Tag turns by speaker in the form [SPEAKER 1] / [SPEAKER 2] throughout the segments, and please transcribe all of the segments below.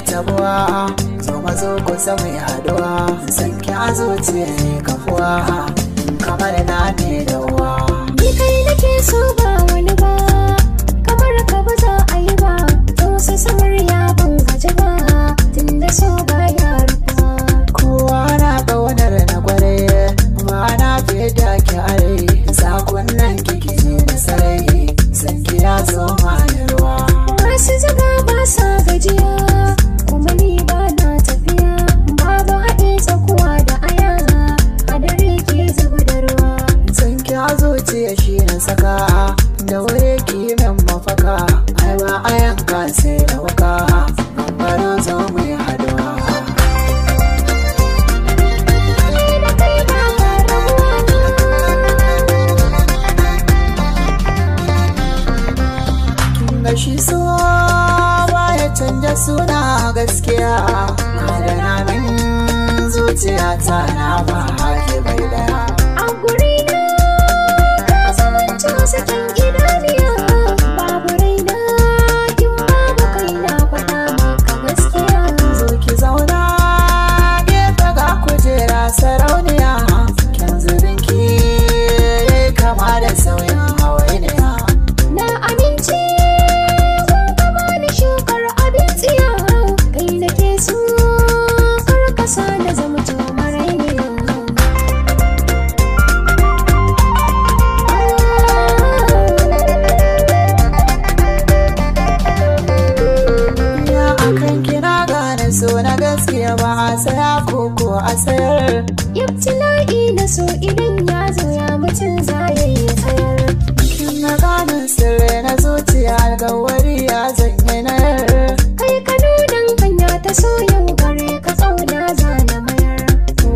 [SPEAKER 1] tabuwa zo mazo kusa mai yaduwa san ki a zuciya kafuwa kamar na ne da ce shi na saka da wuri kimin mafaka ai ba a yanka sai waka
[SPEAKER 2] bari zo mu yi haduwa
[SPEAKER 1] Gashi so baya canja suna gaskiya, da namin zuciya ta na ba hake bai da saya ko ko a sayar ibtila'i na su idan ya zo ya mutum za ya sayar na ganin sirri na zuciya alkawari ya zanyi na kai ka nunan hanya ta so yau gare ka tsauna zana mayar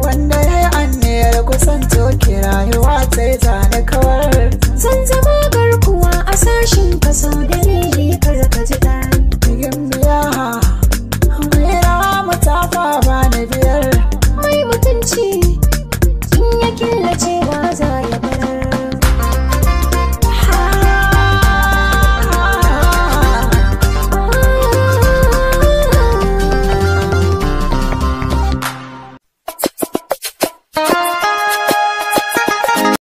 [SPEAKER 1] wanda ya yi anniyar kusan toki rayuwa ta yi zane kawar zan zama garkuwa a sashen ka sau da